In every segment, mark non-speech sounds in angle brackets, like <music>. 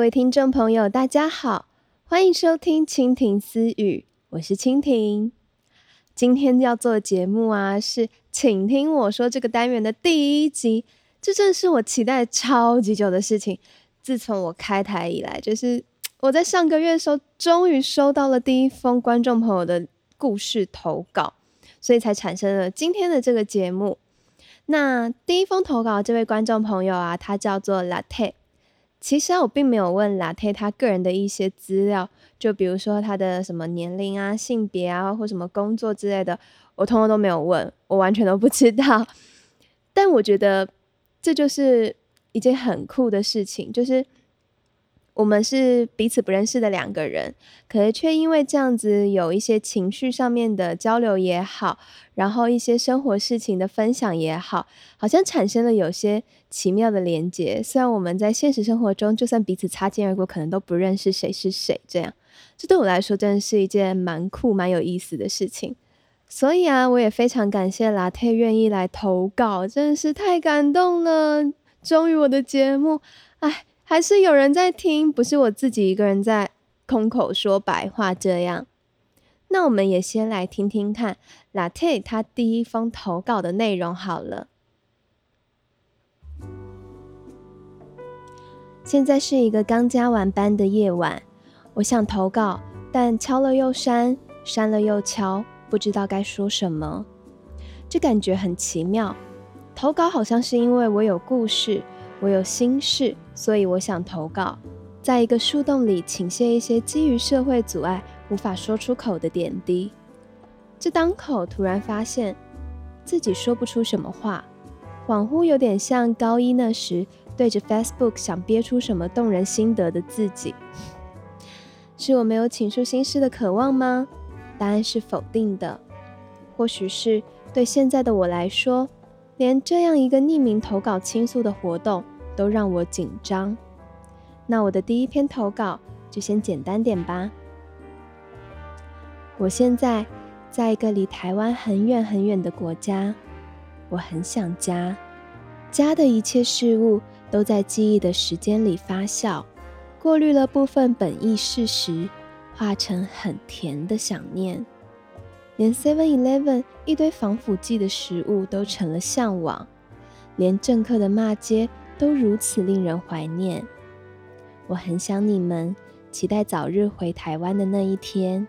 各位聽眾朋友，大家好，歡迎收聽《蜻蜓私語》，我是蜻蜓。今天要做的節目啊，是傾聽我說這個單元的第一集。這真的是我期待超級久的事情。自從我開台以來，就是我在上個月的時候，終於收到了第一封觀眾朋友的故事投稿，所以才產生了今天的這個節目。那第一封投稿這位觀眾朋友啊，他叫做 Latte。其實啊，我並沒有問 Latte 他個人的一些資料，就比如說他的什麼年齡啊、性別啊，或什麼工作之類的，我通通都沒有問，我完全都不知道。但我覺得這就是一件很酷的事情，就是。我們是彼此不認識的兩個人，可是卻因為這樣子有一些情緒上面的交流也好，然後一些生活事情的分享也好，好像產生了有些奇妙的連接。雖然我們在現實生活中，就算彼此擦肩而過，可能都不認識誰是誰這樣。這對我來說真的是一件蠻酷、蠻有意思的事情。所以啊，我也非常感謝 Latte 願意來投稿，真的是太感動了。終於我的節目，哎。還是有人在聽，不是我自己一個人在空口說白話這樣。那我們也先來聽聽看 Latte 他第一封投稿的內容好了。現在是一個剛加完班的夜晚，我想投稿，但敲了又刪，刪了又敲，不知道該說什麼。這感覺很奇妙，投稿好像是因為我有故事。我有心事，所以我想投稿，在一個樹洞裡傾瀉一些基於社會阻礙，無法說出口的點滴。這當口突然發現自己說不出什麼話，恍惚有點像高一那時對着 Facebook 想憋出什麼動人心得的自己。是我沒有傾訴心事的渴望嗎？答案是否定的。或許是對現在的我來說，連這樣一個匿名投稿傾訴的活動，都讓我緊張。那我的第一篇投稿就先簡單點吧。我現在在一個離台灣很遠很遠的國家，我很想家。家的一切事物都在記憶的時間裡發酵，過濾了部分本意事實，化成很甜的想念。連 Seven Eleven 一堆防腐劑的食物都成了嚮往，連政客的罵街。都如此令人懷念，我很想你們，期待早日回台灣的那一天。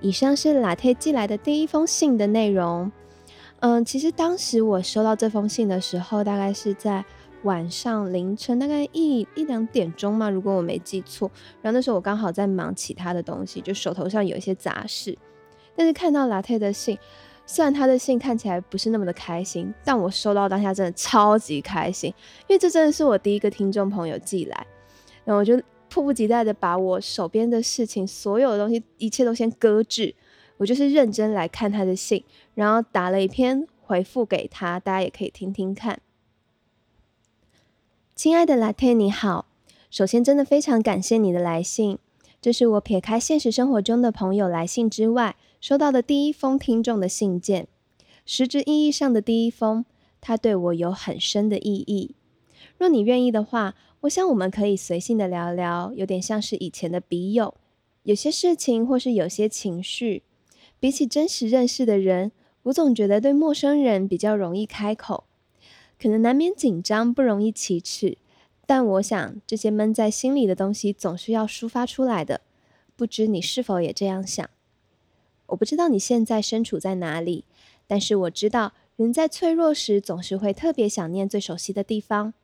以上是 Latte 寄來的第一封信的內容。嗯，其實當時我收到這封信的時候，大概是在晚上凌晨，大概一一兩點鐘嘛，如果我沒記錯。然後那時候我剛好在忙其他的東西，就手頭上有一些雜事，但是看到 Latte 的信。雖然他的信看起來不是那麼的開心，但我收到當下真的超級開心，因為這真的是我第一個聽眾朋友寄來，然後我就迫不及待的把我手邊的事情、所有的東西、一切都先擱置，我就是認真來看他的信，然後打了一篇回復給他，大家也可以聽聽看。親愛的 Latte，你好，首先真的非常感謝你的來信，這是我撇開現實生活中的朋友來信之外收到的第一封聽眾的信件，實質意義上的第一封，它對我有很深的意義。若你願意的話，我想我們可以隨性的聊聊，有點像是以前的筆友。有些事情或是有些情緒，比起真實認識的人，我總覺得對陌生人比較容易開口，可能難免緊張，不容易啟齒。但我想，這些悶在心裡的東西總是要抒發出來的。不知你是否也這樣想？我不知道你現在身處在哪裡，但是我知道人在脆弱時總是會特別想念最熟悉的地方。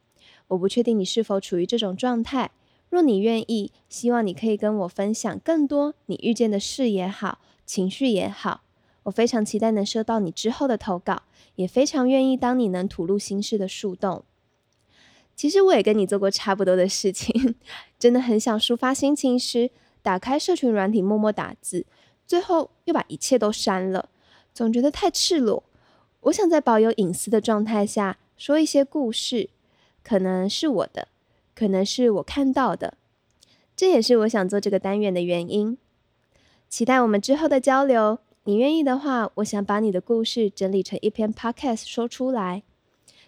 我不確定你是否處於這種狀態，若你願意，希望你可以跟我分享更多你遇見的事也好，情緒也好。我非常期待能收到你之後的投稿，也非常願意當你能吐露心事的樹洞。其實我也跟你做過差不多的事情，真的很想抒發心情時，打開社群軟體默默打字。最後又把一切都刪了，總覺得太赤裸。我想在保有隱私的狀態下說一些故事，可能是我的，可能是我看到的。這也是我想做這個單元的原因。期待我們之後的交流。你願意的話，我想把你的故事整理成一篇 podcast 說出來，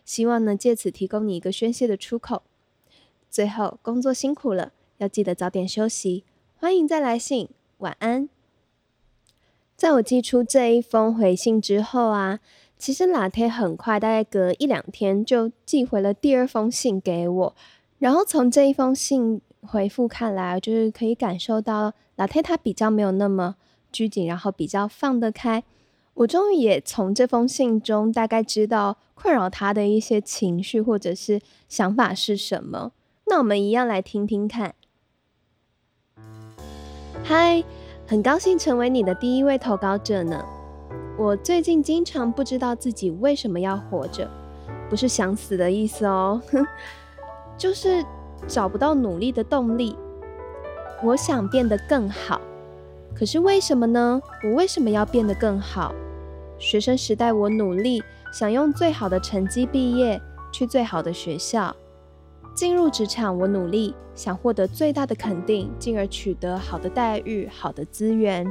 希望能借此提供你一個宣洩的出口。最後，工作辛苦了，要記得早點休息。歡迎再來信。晚安。在我寄出這一封回信之後啊，其實 Latte 很快，大概隔一兩天就寄回了第二封信給我。然後從這一封信回覆看來，就是可以感受到 Latte 他比較沒有那麼拘謹，然後比較放得開。我終於也從這封信中大概知道困擾他的一些情緒或者是想法是什麼。那我們一樣來聽聽看。嗨。很高興成為你的第一位投稿者呢。我最近經常不知道自己為什麼要活着，不是想死的意思哦。哼，就是找不到努力的動力。我想變得更好，可是為什麼呢？我為什麼要變得更好？學生時代我努力，想用最好的成績畢業，去最好的學校。進入職場，我努力想獲得最大的肯定，進而取得好的待遇、好的資源。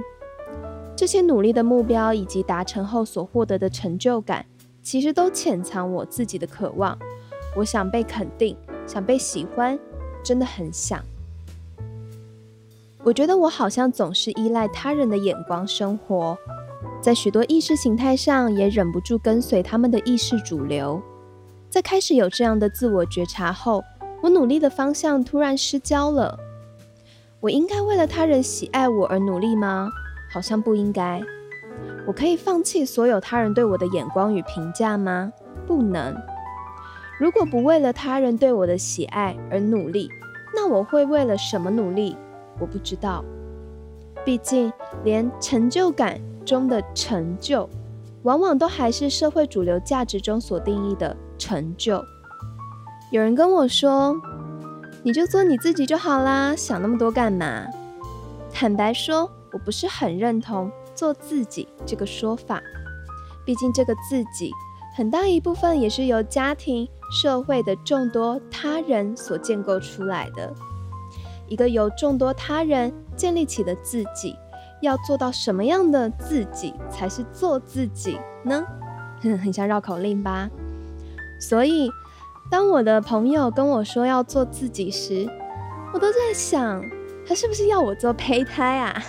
這些努力的目標以及達成後所獲得的成就感，其實都潛藏我自己的渴望。我想被肯定，想被喜歡，真的很想。我覺得我好像總是依賴他人的眼光生活，在許多意識形態上也忍不住跟隨他們的意識主流。在開始有這樣的自我覺察後。我努力的方向突然失焦了。我應該為了他人喜愛我而努力嗎？好像不應該。我可以放棄所有他人對我的眼光與評價嗎？不能。如果不為了他人對我的喜愛而努力，那我會為了什麼努力？我不知道。畢竟，連成就感中的成就，往往都還是社會主流價值中所定義的成就。有人跟我說，你就做你自己就好啦，想那麼多幹嘛？坦白說，我不是很認同“做自己”這個說法。畢竟，這個自己很大一部分也是由家庭、社會的眾多他人所建構出來的。一個由眾多他人建立起的自己，要做到什麼樣的自己才是做自己呢？哼，很像繞口令吧。所以，當我的朋友跟我說要做自己時，我都在想，他是不是要我做胚胎啊？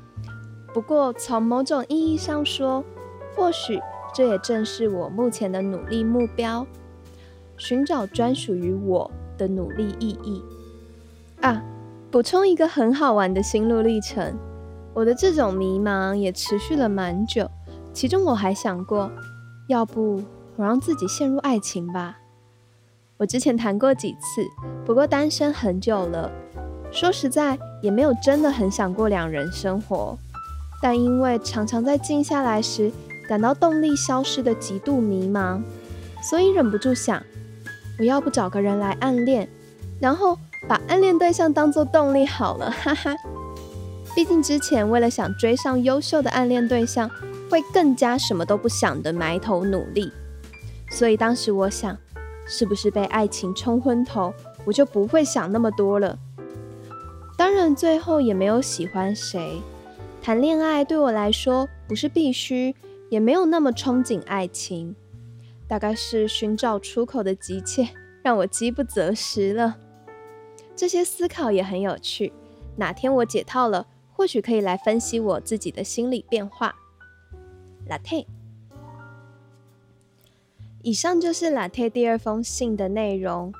<laughs> 不過從某種意義上說，或許這也正是我目前的努力目標，尋找專屬於我的努力意義。啊，補充一個很好玩的心路歷程。我的這種迷茫也持續了蠻久，其中我還想過，要不我讓自己陷入愛情吧。我之前談過幾次，不過單身很久了。說實在，也沒有真的很想過兩人生活。但因為常常在靜下來時感到動力消失的極度迷茫，所以忍不住想，我要不找個人來暗戀，然後把暗戀對象當作動力好了，哈哈。畢竟之前為了想追上優秀的暗戀對象，會更加什麼都不想的埋頭努力，所以當時我想。是不是被愛情沖昏頭，我就不會想那麼多了？當然，最後也沒有喜歡誰。談戀愛對我來說不是必須，也沒有那麼憧憬愛情。大概是尋找出口的急切，讓我飢不擇食了。這些思考也很有趣。哪天我解套了，或許可以來分析我自己的心理變化。Latte。以上就是 Latte 第二封信的內容。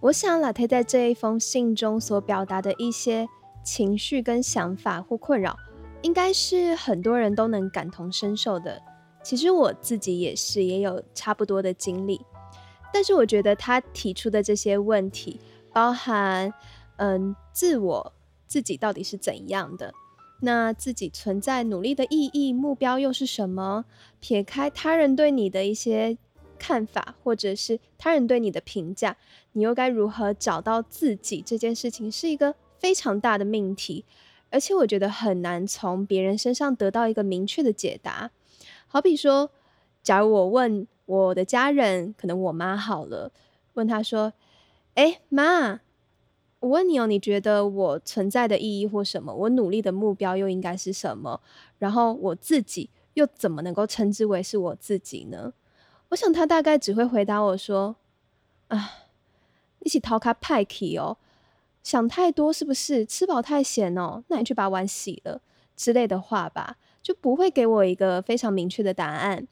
我想，Latte 在這一封信中所表達的一些情緒、跟想法或困擾，應該是很多人都能感同身受的。其實我自己也是，也有差不多的經歷。但是我覺得他提出的這些問題，包含，嗯，自我自己到底是怎樣的？那自己存在努力的意義、目標又是什麼？撇開他人對你的一些。看法，或者是他人對你的評價，你又該如何找到自己？這件事情是一個非常大的命題，而且我覺得很難從別人身上得到一個明確的解答。好比說，假如我問我的家人，可能我媽好了，問她說：“欸，媽，我問你哦，你覺得我存在的意義或什麼？我努力的目標又應該是什麼？然後我自己又怎麼能夠稱之為是我自己呢？”我想他大概只會回答我說：“啊，一起逃卡派克哦，想太多是不是？吃飽太閒哦，那你去把碗洗了之類的話吧，就不會給我一個非常明確的答案。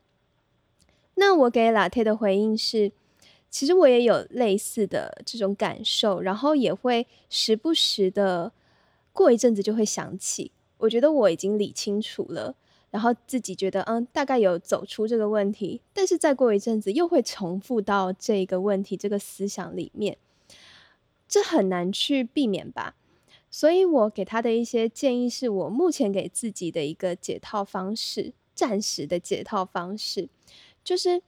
那我給 Latte 的回應是，其實我也有類似的這種感受，然後也會時不時的過一陣子就會想起，我覺得我已經理清楚了。”然後自己覺得，嗯，大概有走出這個問題，但是再過一陣子又會重複到這個問題這個思想裡面，這很難去避免吧。所以我給他的一些建議是我目前給自己的一個解套方式，暫時的解套方式，就是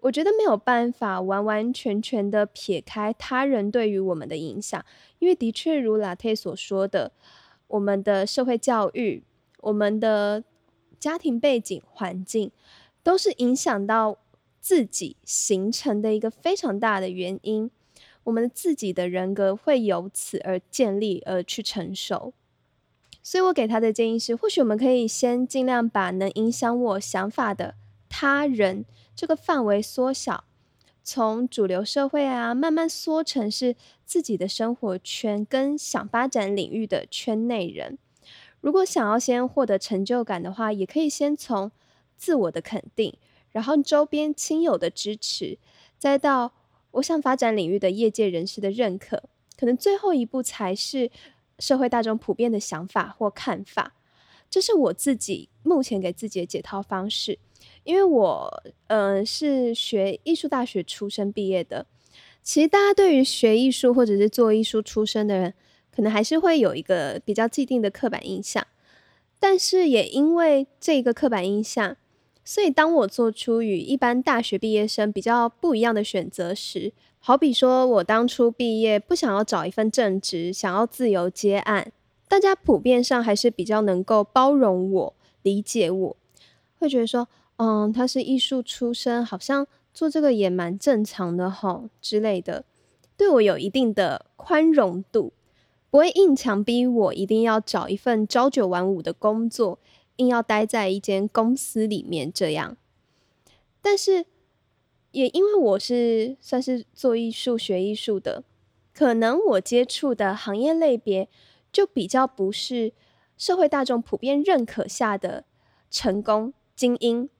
我覺得沒有辦法完完全全的撇開他人對於我們的影響，因為的確如拉 a 所說的，我們的社會教育，我們的。家庭背景、環境，都是影響到自己形成的一個非常大的原因。我們自己的人格會由此而建立，而去成熟。所以我給他的建議是，或許我們可以先盡量把能影響我想法的他人這個範圍縮小，從主流社會啊，慢慢縮成是自己的生活圈跟想發展領域的圈內人。如果想要先獲得成就感的話，也可以先從自我的肯定，然後周邊親友的支持，再到我想發展領域的業界人士的認可，可能最後一步才是社會大眾普遍的想法或看法。這是我自己目前給自己的解套方式，因為我嗯、呃、是學藝術大學出身畢業的，其實大家對於學藝術或者是做藝術出身的人。可能還是會有一個比較既定的刻板印象，但是也因為這個刻板印象，所以當我做出與一般大學畢業生比較不一樣的選擇時，好比說我當初畢業不想要找一份正職，想要自由接案，大家普遍上還是比較能夠包容我、理解我，會覺得說，嗯，他是藝術出身，好像做這個也蠻正常的吼之類的，對我有一定的寬容度。不會硬強逼我一定要找一份朝九晚五的工作，硬要待在一間公司裡面這樣。但是，也因為我是算是做藝術、學藝術的，可能我接觸的行業類別就比較不是社會大眾普遍認可下的成功精英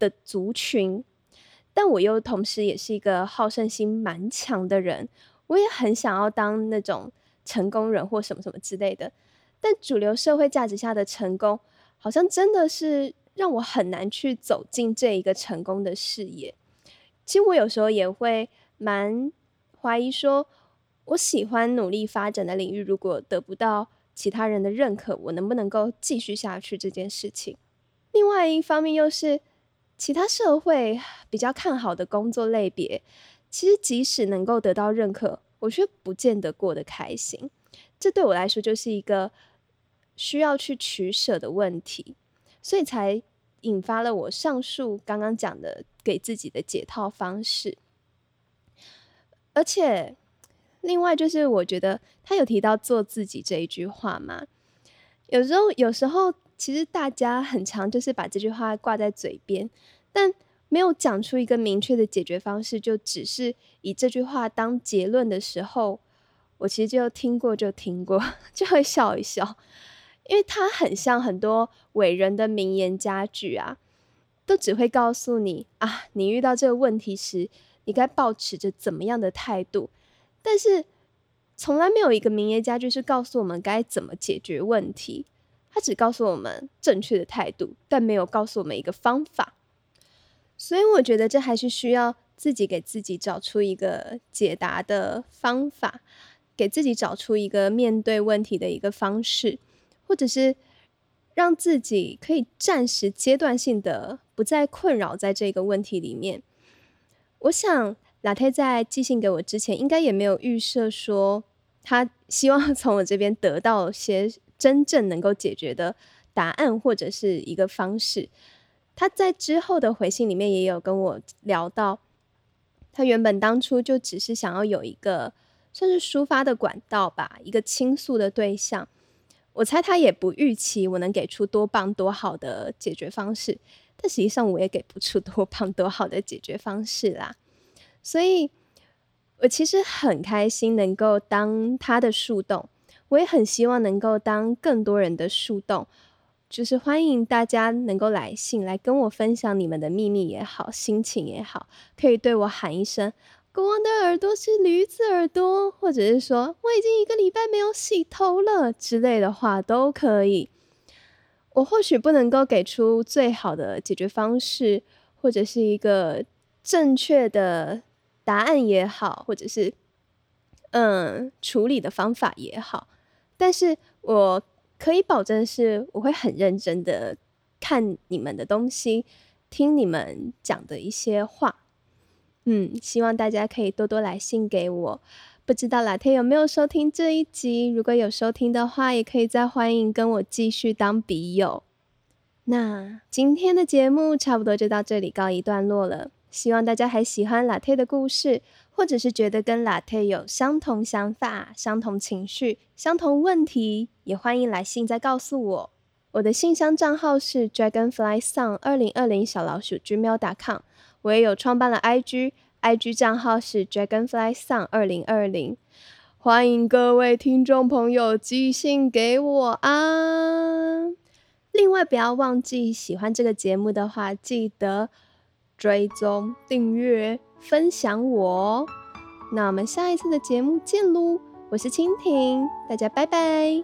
的族群。但我又同時也是一個好勝心蠻強的人，我也很想要當那種。成功人或什麼什麼之類的，但主流社會價值下的成功，好像真的是讓我很難去走進這一個成功的視野。其實我有時候也會蠻懷疑說，說我喜歡努力發展的領域，如果得不到其他人的認可，我能不能夠繼續下去這件事情？另外一方面，又是其他社會比較看好的工作類別，其實即使能夠得到認可。我卻不見得過得開心，這對我來說就是一個需要去取捨的問題，所以才引發了我上述剛剛講的給自己的解套方式。而且，另外就是我覺得他有提到做自己這一句話嘛，有時候有時候其實大家很常就是把這句話掛在嘴邊，但。沒有講出一個明確的解決方式，就只是以這句話當結論的時候，我其實就聽過就聽過，就會笑一笑，因為它很像很多偉人的名言佳句啊，都只會告訴你啊，你遇到這個問題時，你該抱持着怎麼樣的態度，但是從來沒有一個名言佳句是告訴我們該怎麼解決問題，它只告訴我們正確的態度，但沒有告訴我們一個方法。所以我覺得這還是需要自己給自己找出一個解答的方法，給自己找出一個面對問題的一個方式，或者是讓自己可以暫時階段性的不再困擾在這個問題裡面。我想，Latte 在寄信給我之前，應該也沒有預設說他希望從我這邊得到一些真正能夠解決的答案或者是一個方式。他在之後的回信裡面也有跟我聊到，他原本當初就只是想要有一個算是抒發的管道吧，一個傾訴的對象。我猜他也不預期我能給出多棒多好的解決方式，但實際上我也給不出多棒多好的解決方式啦。所以，我其實很開心能夠當他的樹洞，我也很希望能夠當更多人的樹洞。就是歡迎大家能夠來信，來跟我分享你們的秘密也好，心情也好，可以對我喊一聲“國王的耳朵是驢子耳朵”，或者是說“我已經一個禮拜沒有洗頭了”之類的話都可以。我或許不能夠給出最好的解決方式，或者是一個正確的答案也好，或者是嗯處理的方法也好，但是我。可以保證是我會很認真的看你們的東西，聽你們講的一些話，嗯，希望大家可以多多來信給我。不知道 Latte 有沒有收聽這一集？如果有收聽的話，也可以再歡迎跟我繼續當筆友。那今天的節目差不多就到這裡告一段落了。希望大家還喜歡 Latte 的故事，或者是覺得跟 Latte 有相同想法，相同情緒，相同問題，也歡迎來信再告訴我。我的信箱賬號是 dragonflysong2020 小老鼠 gmail.com，我也有創辦了 IG，IG 賬號是 dragonflysong2020。歡迎各位聽眾朋友寄信給我啊！另外，不要忘記喜歡這個節目的話，記得。追蹤、訂閱、分享我，那我們下一次的節目見嘍！我是蜻蜓，大家拜拜。